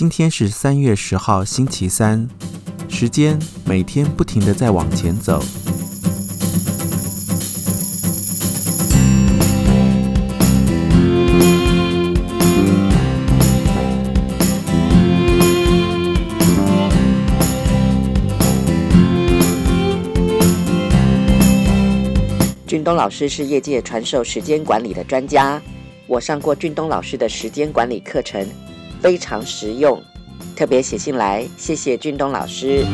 今天是三月十號，星期三。時間每天不停的在往前走。俊東老師是業界傳授時間管理的專家，我上過俊東老師的時間管理課程。非常實用，特別寫信來謝謝俊東老師。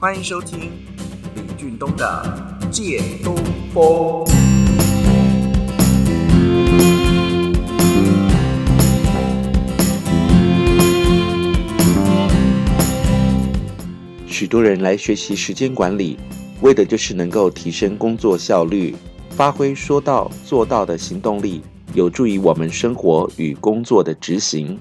歡迎收聽李俊東的《借東風》。許多人來學習時間管理，為的就是能夠提升工作效率。發揮說到做到的行動力，有助於我們生活與工作的執行。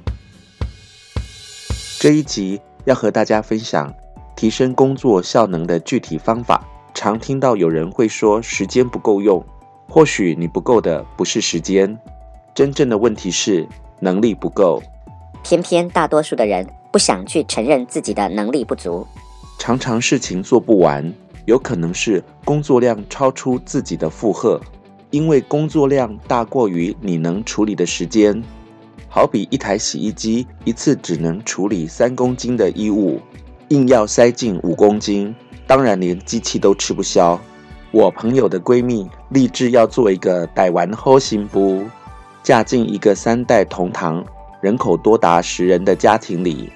這一集要和大家分享提升工作效能的具體方法。常聽到有人會說時間不夠用，或許你不夠的不是時間，真正的問題是能力不夠。偏偏大多數的人不想去承認自己的能力不足，常常事情做不完。有可能是工作量超出自己的負荷，因為工作量大過於你能處理的時間。好比一台洗衣機一次只能處理三公斤的衣物，硬要塞進五公斤，當然連機器都吃不消。我朋友的閨蜜立志要做一個台灣好媳婦，嫁進一個三代同堂、人口多達十人的家庭裡，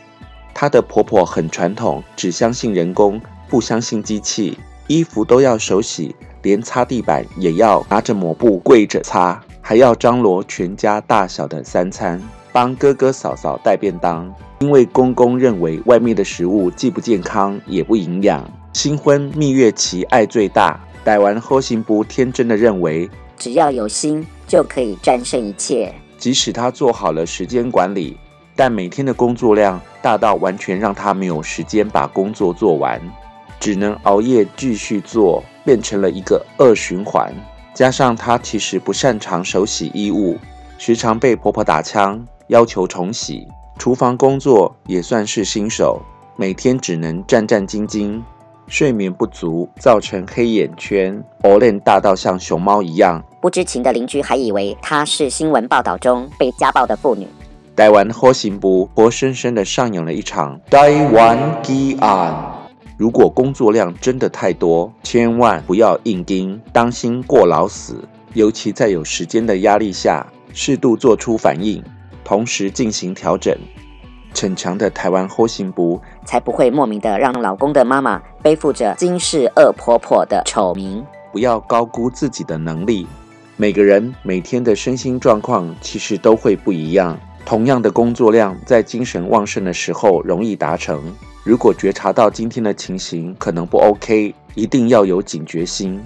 她的婆婆很傳統，只相信人工，不相信機器，衣服都要手洗，連擦地板也要拿着抹布跪着擦，還要張羅全家大小的三餐，幫哥哥嫂嫂帶便當。因為公公認為外面的食物既不健康也不營養。新婚蜜月期愛最大，戴完後行不天真的認為只要有心就可以戰勝一切。即使他做好了時間管理，但每天的工作量大到完全讓他沒有時間把工作做完。只能熬夜繼續做，變成了一個惡循環。加上她其實不擅長手洗衣物，時常被婆婆打槍，要求重洗。廚房工作也算是新手，每天只能戰戰兢兢。睡眠不足造成黑眼圈，熬 n 大到像熊貓一樣。不知情的鄰居還以為她是新聞報道中被家暴的婦女。台灣好媳婦活生生的上演了一場台灣奇案。如果工作量真的太多，千萬不要硬盯，當心過勞死。尤其在有時間的壓力下，適度做出反應，同時進行調整，逞強的台灣後行部才不會莫名的讓老公的媽媽背負着“驚世惡婆婆”的醜名。不要高估自己的能力。每個人每天的身心狀況其實都會不一樣，同樣的工作量，在精神旺盛的時候容易達成。如果覺察到今天的情形可能不 OK，一定要有警覺心。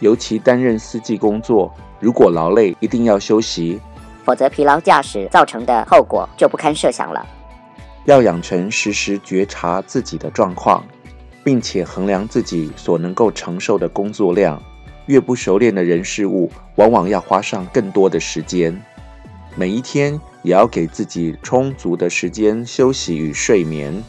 尤其擔任司機工作，如果勞累，一定要休息，否則疲勞駕駛造成的後果就不堪設想了。要養成時時覺察自己的狀況，並且衡量自己所能夠承受的工作量。越不熟練的人事物，往往要花上更多的時間。每一天也要給自己充足的時間休息與睡眠。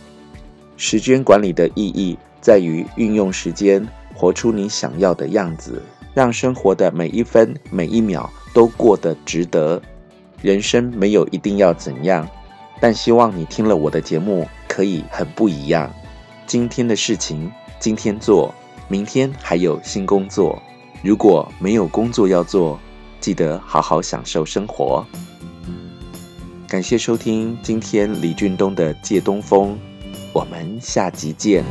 時間管理的意義在於運用時間，活出你想要的樣子，讓生活的每一分每一秒都過得值得。人生沒有一定要怎樣，但希望你聽了我的節目可以很不一樣。今天的事情今天做，明天還有新工作。如果沒有工作要做，記得好好享受生活。嗯，感謝收聽今天李俊東的借東風。我們下集見。